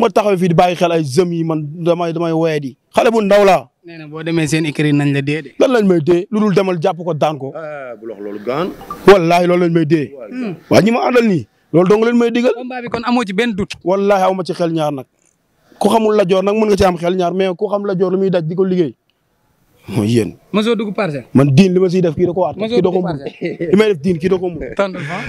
ma taxaw fii di bàyyi xel ay jëm yi man damay damay woye di xale bu ndaw laa. nee na boo demee seen écrit nañ la dee de. lan lañ may dee lu dul demal jàpp ko daan ko. Ah, bu lox loolu gaan. loolu lañ may dee. waa ñi ma àndal nii loolu dong lañ may digal. combat amoo ci benn doute. wallaahi aw ma ci xel ñaar nag ku xamul la joor nag mën nga ci am xel ñaar mais ku xam la joor lu muy daj di ko liggéey. ma yéen. mosoo dugg parcelle. man diin li ma si def kii ko koo aat. mosoo dugg parcelle li may def diin kii da koo mu.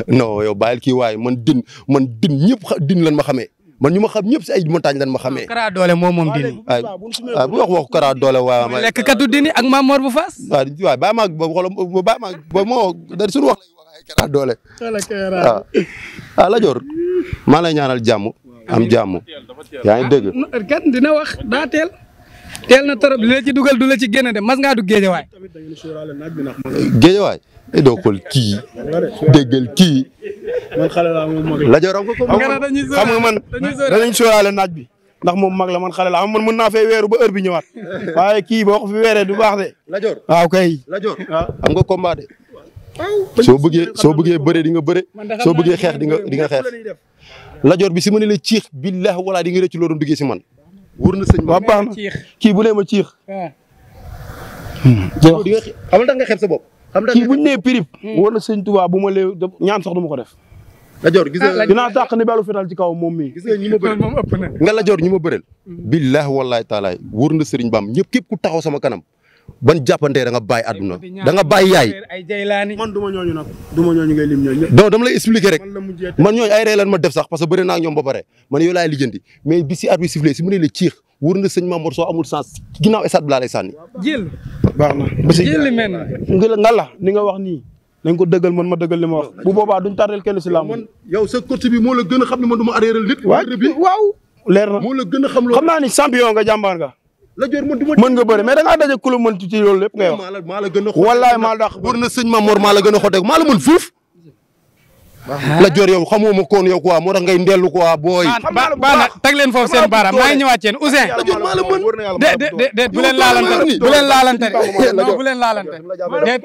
non yow bàyyil kii waaye man din man din ñëpp din lan ma xamee man ñu ma xam ñëpp si ay montagne lan ma ah, xamee. Kara Dollé moom moom dini. waaw ah, bu wax waxu Kara Dollé waaw. ma lekk katu dini ak Mame Mor bu Fass. waaw waaw bàyyi ma boobu xolam ma moo da suñu la ay Kara Dollé. waaw ah, ah Ladior maa lay jàmm am jàmm yaa ngi dégg. Er, kan dina wax daa teel. teel na trop li la ci dugal du la ci génn de mas ngaa du géejawaay. géejawaay. doxal kii déggal kii. man xale laa moom mag la ko xam nga man danañ sóoraale naaj bi ndax moom mag la man xale la am man mën naa fee weeru ba heure bi ñëwaat waaye kii boo ko fi weeree du baax de. la jor kay. la jor ah, am nga combat de. soo bëggee soo bëggee bëre di nga bëre soo bëggee xeex di nga di nga xeex. la jor bi si ma ne la ciix billah wala di nga rëcc loo doon duggee si man. wóor na sëñ bi waaw baax na kii bu nee ma ciix. Ah. Hmm. di nga xeex nga xeeb sa bopp kii bu ñu nee pirip. Hmm. wala sëñ Tuubaa bu ma lee ñaan sax du ma ko def. la jor gis nga ah, dinaa tàq ni belu fetal ci kaw moom mii. gis nga ñi ma bëreel moom ëpp na nga la jor ñi ma bëreel. Hmm. billaahi wallaahi taalaay wóor na Sëriñ Bam ñëpp képp ku taxaw sama kanam. ban jàppante da nga bàyyi àdduna da nga bàyyi yaay. man du ma ñooñu dama lay expliquer man ñooñu ay ree lan ma def sax parce que naa ñoom ba pare man yow laay lijjanti mais bi si at bi sifflé si mu ne la ciix wóor na sëñ Mamour soo amul sens ginnaaw stade bi laa lay baax na bési nga la li nga wax nii. nañ ko dëggal man ma dëggal li ma wax bu boobaa duñ tardel kenn si làmb. man yow sa bi moo la gën a xam ne man du ma arrière lit. waaw leer na moo la gën a xam loo xam naa ni champion nga jàmbaar nga. la jor man du ma mën nga bëri mais da ngaa daje ku la mën ci loolu lépp ngay wax. maa la maa la gën a xoteeku wallaay maa na sëñ Mamor maa la gën a xoteeku maa la mën fuuf la joor yow xamoo ma koon yow quoi moo tax ngay ndellu quoi booy. baax na teg leen foofu seen baaraam maa ngi ñëwaat seen Ouzin. la joor maa la mën de de de bu leen laalante bu leen laalante non bu leen laalante de bu laalante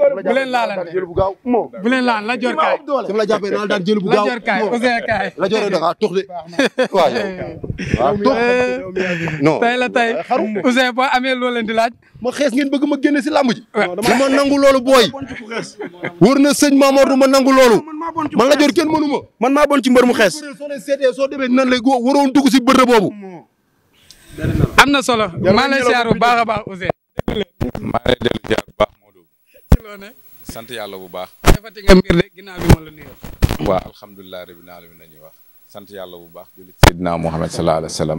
bu leen laalante la joor kaay. de waaw la tey Ouzin boo amee loo leen di laaj. ma xees ngeen bëgg ma génne si làmb ji. ma nangu loolu booy. wóor na sëñ Mamadou ma nangu loolu man la mbër kenn mënu ma. man maa bon ci mbër mu xees. soo leen seetee soo demee nan lay waroon dugg si bërëb boobu. am na solo. maa lay ziar bu baax a baax Ousseyn. maa lay dellu ziar bu baax Modou. ci loo ne. sant yàlla bu baax. defati nga mbir de ginnaaw bi ma la nuyoo. waaw alhamdulilah rabbil alamin nañuy sant yàlla bu baax. jullit Seydina Mouhamed sallallahu alayhi wa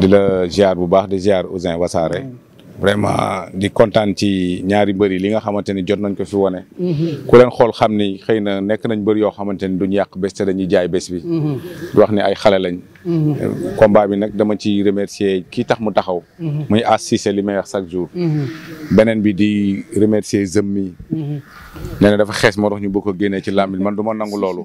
di la ziar bu baax di ziar Ousseyn Wasaare. vraiment di kontaan ci ñaari mbër li nga xamante ni jot nañ ko fi wone mhm. ku leen xool xam ni xëy na nekk nañ mbër yoo xamante ni duñ yàq bés te dañuy jaay bés bi mhm. di wax ni ay xale lañ mhm. combat bi nag dama ci remercier kii tax mu taxaw muy as Cissé li may wax chaque jour beneen bi di remercier zëm mi nee na dafa xees moo tax ñu bëgg ko génnee ci làmb man du ma nangu loolu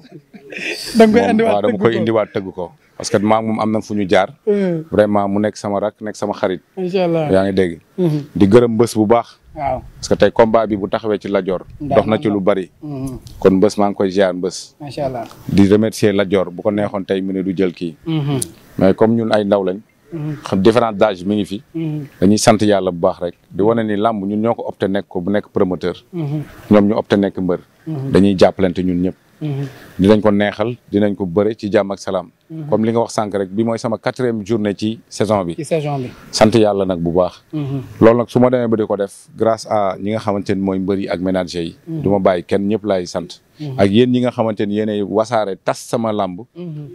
dama koy indiwaat tëgg ko parce que maa moom am na fu ñu jaar. Mm. vraiment mu nekk sama rak nekk sama xarit. incha allah yaa ngi dégg. Mm-hmm. di gërëm mbës bu baax. waaw parce que tey combat bi bu taxawee ci lajoor Dior. dox ci lu bari. Mm-hmm. kon mbës maa ngi koy ziar mbës. macha allah di remercier Lat Dior bu ko neexoon tey mu ne du jël kii. Mm-hmm. mais comme ñun ay ndaw lañ. xam différence mi ngi fi. dañuy sant yàlla bu baax rek. di wane ni làmb ñun ñoo ko opté nekk ko bu nekk promoteur. ñoom ñu opté nekk mbër. dañuy jàppalante ñun ñëpp. dinañ ko neexal dinañ ko bëre ci jàmm salaam. Mhm. comme li nga wax sànq rek bi mooy sama quatrième journée ci saison bi. ci saison bi. sant yàlla nag bu baax. Mhm. loolu nag su ma demee ba di ko def grâce à ñi nga xamante ni mooy mbëri ak ménager yi. Mhm. du ma bàyyi kenn ñëpp laay sant. ak yéen ñi nga xamante ni yéenay wasaare tas sama làmb.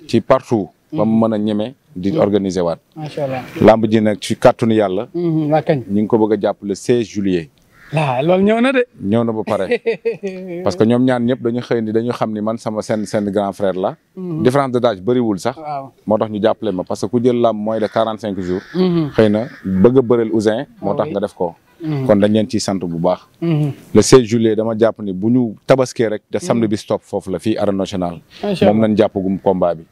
ci partout. ba mu a ñeme di organiser waat. macha allah làmb ji nag ci kàttanu yàlla. la kañ ñu ngi ko bëgg jàpp le 16 juillet. waaw loolu ñëw na de. ñëw na ba pare parce que ñoom ñaan ñëpp dañu xëy ni dañu xam ni man sama sen seen grand frère la. Mhm. différence de d'âge bëriwul sax. moo tax ñu jàppale ma parce que ku jël làmb mooy de quarante cinq jours. Mhm. xëy na bëgg a Ouzin ah moo tax nga def ko. Mhm. kon da leen ciy sant bu baax. le 16 juillet dama jàpp ni bu ñu tabaskee rek. da samedi bi stop foof la fi arène nationale. moom lañ jàpp gum combat bi.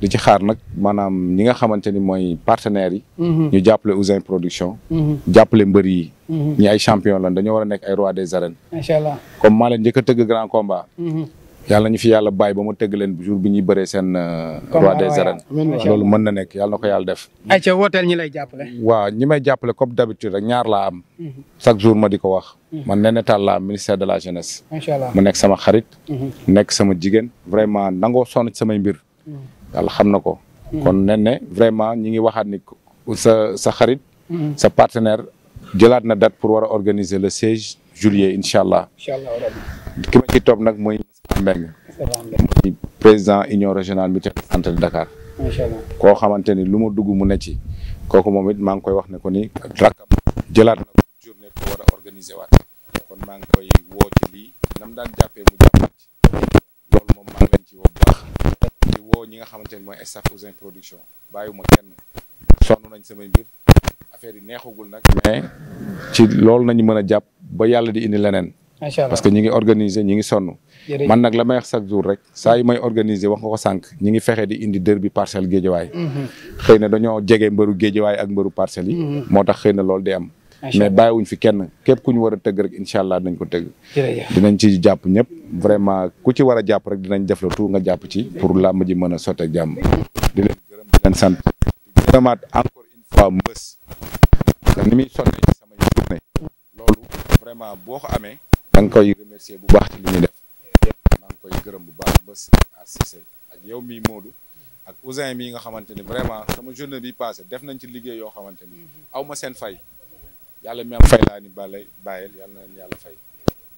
di ci xaar nag maanaam ñi nga xamante ni mooy partenaires yi. ñu jàppale Ouzin production. jàppale mbër yi. ñi ay champion la dañoo war nekk ay roi des arènes. yàlla ñu fi yàlla bàyyi ba mu tëgg leen jour bi ñuy bëree seen. Euh, roi des arènes loolu mën na nekk yàlla na ko yàlla def. ayca wooteel ñi lay jàppale. waaw ñi may jàppale comme d'habitude rek ñaar la am. Mhm. chaque jour ma di ko wax. Mhm. man Néné Tall laa am ministère de la jeunesse. macha allah mu nekk sama xarit. Mhm. nekk sama jigéen vraiment nangoo sonn samay mbir. yàlla xam na ko. kon Néné vraiment ñi ngi waxaat ni sa sa xarit. sa partenaire jëlaat na date pour war a organiser le 16 juillet incha allah. incha ki ma ci topp Mbengue muy président union régionale mutuelle santé de Dakar koo xamante ni lu ma dugg mu ne ci kooku moom it maa ngi koy wax ne ko ni rakkam jëlaat na ko journée ko war a organiser waat kon maa ngi koy woo ci lii nam daan jàppee mu jàpp ci loolu moom maa lañ ci woo baax di woo ñi nga xamante ne mooy staff Ouzin production bàyyiwuma kenn sonn nañ samay mbir affaire yi neexagul nag mais ci loolu nañu mën a jàpp ba yàlla di indi leneen macha allah parce que ñi ngi organiser ñi ngi sonn. man nag la may wax chaque jour rek saa yu may organiser wax nga ko sànq ñi ngi fexe di indi derby parcelle géejawaay. Mhm. xëy na dañoo jege mbëru géejawaay ak mbëru parcelles yi. Mhm. moo tax xëy na loolu day am. mais bàyyiwuñ fi kenn képp ku ñu war a tëgg rek incha allah dinañ ko tëgg. dinañ ci jàpp ñëpp vraiment ku ci war a jàpp rek dinañ def la tout nga jàpp ci pour la ji mën a sotte jàmm. di leen gërëm di sant di gërëmaat encore une fois mbës ni muy sonne ci maa ngi koy remercier bu baax ci li ñuy def maa ngi koy gërëm bu baax bés assisé ak yow mi Modou ak Ousin mii nga xamante ni vraiment sama journée bi passé def nañ ci liggéey yoo xamante ni mhm. aw ma seen fay yàlla mi am fay laa ni balay bàyyel yàlla na yàlla fay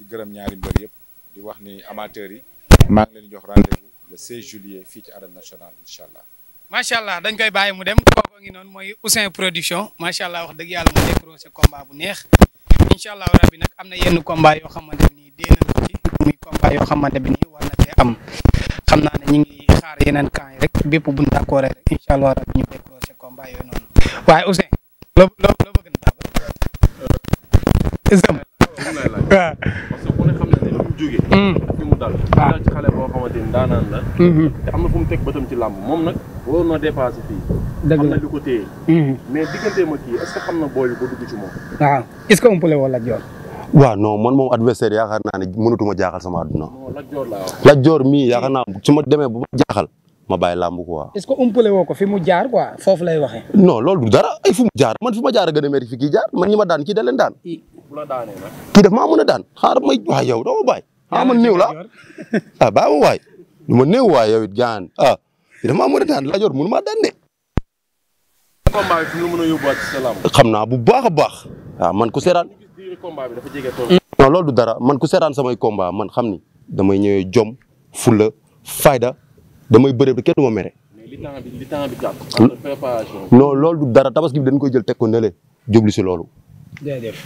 di gërëm ñaari mbër yëpp di wax ni amateurs yi maa ngi leen jox rendez-vous le 16 juillet fii ci arène nationale incha allah macha allah dañ koy bàyyi mu dem kooku ngi noonu mooy Ouzin Production macha allah wax dëgg yàlla mu décroché combat bu neex incha allahu rabbi nag am na yenn combat yoo xamante bi nii dee nañu ci muy combat yoo xamante bi nii war na cee am xam naa ne ñu ngi xaar yeneen camp yi rek bépp buñ d'accord rek incha allahu rabbi ñu décroché combat yooyu noonu waaye Ouzin loo loo loo bëgg na tàmbali ku ne xam hmm. daanaan la. Hmm. te am na fu mu teg bëtam ci làmb moom nag waroon na dépassé fii. dagg la na ko téye. Mhm. mais digganteem ak kii est ce na dugg ci moom. waaw est ce umpale wala Dior. waaw non man moom adversaire yaakaar naa ne mënatuma jaaxal sama adduna. Lat Dior mii yaakaar naa su ma demee bu ma jaaxal ma bàyyi làmb quoi. est ce que umpale woo ko fi mu jaar quoi foofu lay waxee. non loolu du dara ay fu mu jaar man fi ma jaar a gën a métti fi kii jaar man ñi ma daan kii da leen daan. kii daf maa mën a daan xaaral may waa yow dama bàyyi. ah man néew la ah ma waay. du ma néew waay yow it gaan ah kii a xam naa bu baax a baax waaw man ku seetaan. combat bi loolu du dara man ku seetaan samay combat man xam ni damay ñëwee jom fulla fayda damay bëre ba kenn du ma mere. li temps bi li du dara tabaski bi dañ koy jël teg ko nële jublu si loolu. jërëjëf.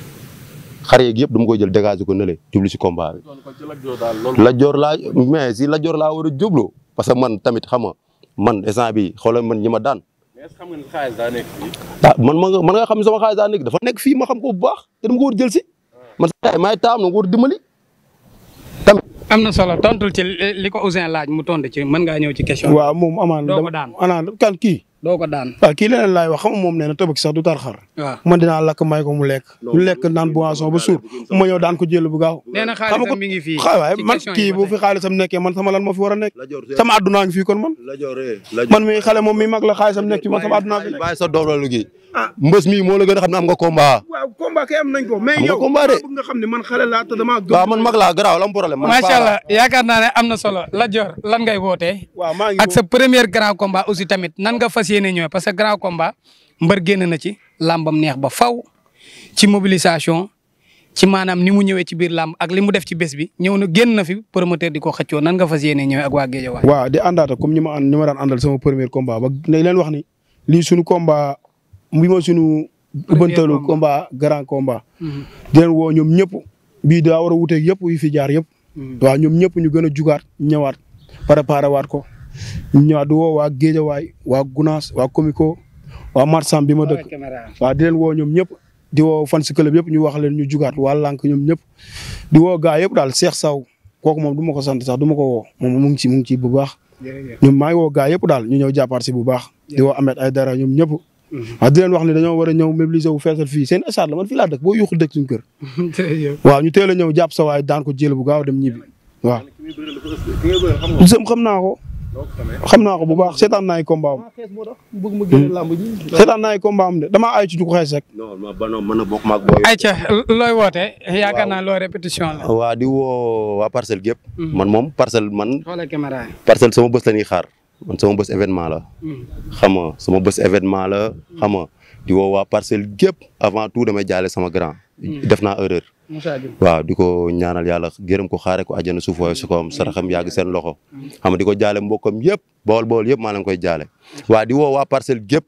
xar yeeg yëpp dama koy jël dégagé ko nële jublu si combat bi. la laa mais si la joor laa war a jublu parce que man tamit xam nga man instant bi xoolal man ñi ma daan. ah man ma nga man nga xam ne sama xaalis daa nekk dafa nekk fii ma xam ko bu baax te dama ko war jël si man sama yaay maay taam na nga war dimbali tamit. am na solo tontul li ko Ouzin laaj mu tontu ci mën ngaa ñëw ci question. waaw moom amaan dama daan kan kii. doo ko daan waaw kii leneen laay wax moom nee na tabaski sax du tar xar waaw man dinaa lakk may ko mu lekk du lekk naan boisson ba suur ma ñëw daan ko jël bu gaaw xam nga mi ngi fii waaye man kii bu fi xaalisam nekkee man sama lan moo fi war a nekk sama addunaa ngi fii kon man man mi xale moom mi mag la xaalisam nekk ci man sama addunaa fi nekk Ah. mbës mi moo la gën a xam ne am nga combat. waaw combat am nañ ko. mais yow xam ne man xale laa te damaa gëm. mag laa garaaw la am problème. macha allah yaakaar naa am na solo. la jor lan ngay woote waaw maa ak sa premier grand combat aussi tamit nan nga fas yéene ñëw parce que grand komba mbër génn na ci. làmbam neex ba faw ci mobilisation ci maanaam ni mu ñëwee ci biir làmb ak li mu def ci bés bi ñëw na génn na fi promoteur di ko xëccoo nan nga fas yéene ak waa Guédiawaye. waaw di àndaata comme ñi ma ànd sama premier leen wax ni lii suñu bi mooy suñu ubbantalu combat grand mba mhm. di leen woo ñoom ñëpp bii daa war a wuteeg yëpp yu fi jaar yëpp mhm. waa ñoom ñëpp ñu gën a jugaat ñëwaat préparé waat ko ñëwaat du woo waa waa Gunaas waa Comico waa Marsam bi ma dëkk waaw di leen woo ñoom ñëpp di woo fan si club yëpp ñu wax leen ñu jugaat waa lànk ñoom ñëpp di woo gaa yëpp daal Cheikh Saw kooku moom du ma ko sant sax du ma ko woo moom mu ngi ci mu ngi ci bu baax ñoom maa ngi woo gaa yëpp daal ñu ñëw jàppaat si bu baax di woo Ahmed ñëpp waaw ah, di leen wax ne dañoo war ñëw mobiliser wu feesal fii seen état la man fii dëkk boo yuuxu dëkk suñu kër. waaw ñu teel a ñëw jàpp sa waay daan ko jël bu gaaw dem ñibbi waaw. sëm xam naa ko. xam naa ko bu baax seetaan naa ay combat am. seetaan naa ay combat am de dama ay ci ñu ko xees rek. ayca looy woote. yaakaar naa loo di woo waa parcelle gépp hmm. man moom parcelle man. parcelle sama bës la ñuy xaar. man sama bés événement la. Hmm. xam nga sama bés événement la. xam di woo waa parcelle gépp avant tout damay jaale sama grand. Hmm. def naa erreur. waaw di ko ñaanal yàlla gërëm ko xaare ko àjjana suuf waaye su ko am hmm. saraxam yàgg seen loxo. xam di ko jaale mbokkam yëpp bool bool yëpp maa leen koy jaale. waa di woo waa parcelle gépp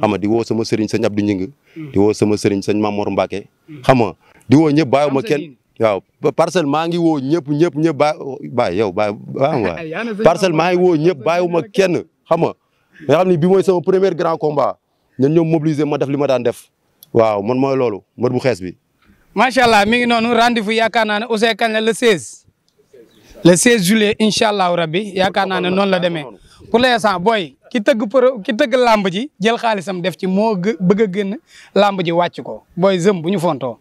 xam nga di woo sama sa sëñ Abdou Ngingue. di woo sama sëriñ sa Mamour Mbacke. xam nga di woo ñëpp bàyyiwuma kenn. waaw parcelle maa ngi woo ñëpp ñëpp ñëpp ba baay yow baay baa nga parcelle maa ngi woo ñëpp bàyyiwuma kenn xam nga nga xam ni bi mooy sama premier grand combat ñun ñoom mobiliser ma def li ma daan def waaw man mooy loolu mbër bu xees bi macha allah mi ngi noonu rendez-vous yaakaar naa ne Ouzin kañ la le 16 le 16 juillet incha allahu rabbi yaakaar naa ne noonu la demee pour l'instant booy ki tëgg pro ki tëgg làmb ji jël xaalisam def ci moo bëgg a làmb ji wàcc ko booy zëm bu ñu fontoo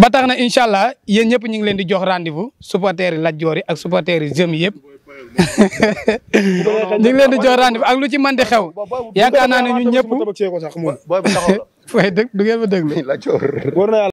ba tax na incha allah yéen ñëpp ñu ngi leen di jox rendez-vous supporters yi Lat Dior ak supporters yi zëm yëpp ñu ngi leen di jox rendez ak lu ci mën di xew yaakaar naa ne ñun ñëpp. waaye